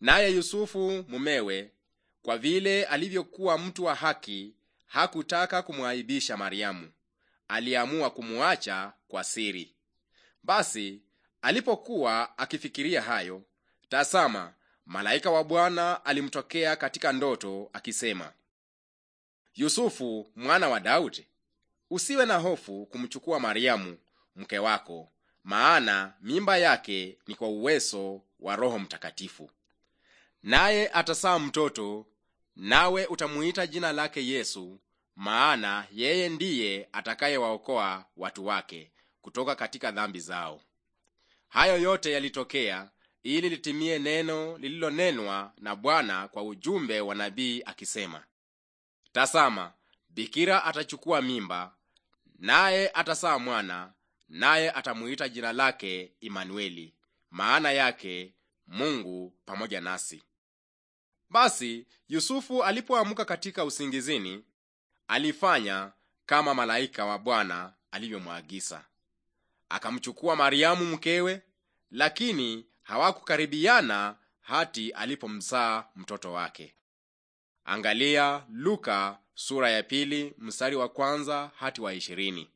Naye Yusufu mumewe, kwa vile alivyokuwa mtu wa haki, hakutaka kumwaibisha Mariamu, aliamua kumwacha kwa siri. Basi alipokuwa akifikiria hayo, tazama, malaika wa Bwana alimtokea katika ndoto akisema, Yusufu mwana wa Daudi, usiwe na hofu kumchukua Mariamu mke wako, maana mimba yake ni kwa uwezo wa Roho Mtakatifu naye atasaa mtoto, nawe utamuita jina lake Yesu, maana yeye ndiye atakayewaokoa watu wake kutoka katika dhambi zao. Hayo yote yalitokea ili litimie neno lililonenwa na Bwana kwa ujumbe wa nabii akisema, Tasama, bikira atachukua mimba, naye atasaa mwana, naye atamuita jina lake Imanueli, maana yake Mungu pamoja nasi. Basi Yusufu alipoamka katika usingizini, alifanya kama malaika wa Bwana alivyomwagiza, akamchukua Mariamu mkewe, lakini hawakukaribiana hati alipomzaa mtoto wake. Angalia Luka sura ya pili mstari wa kwanza hati wa ishirini.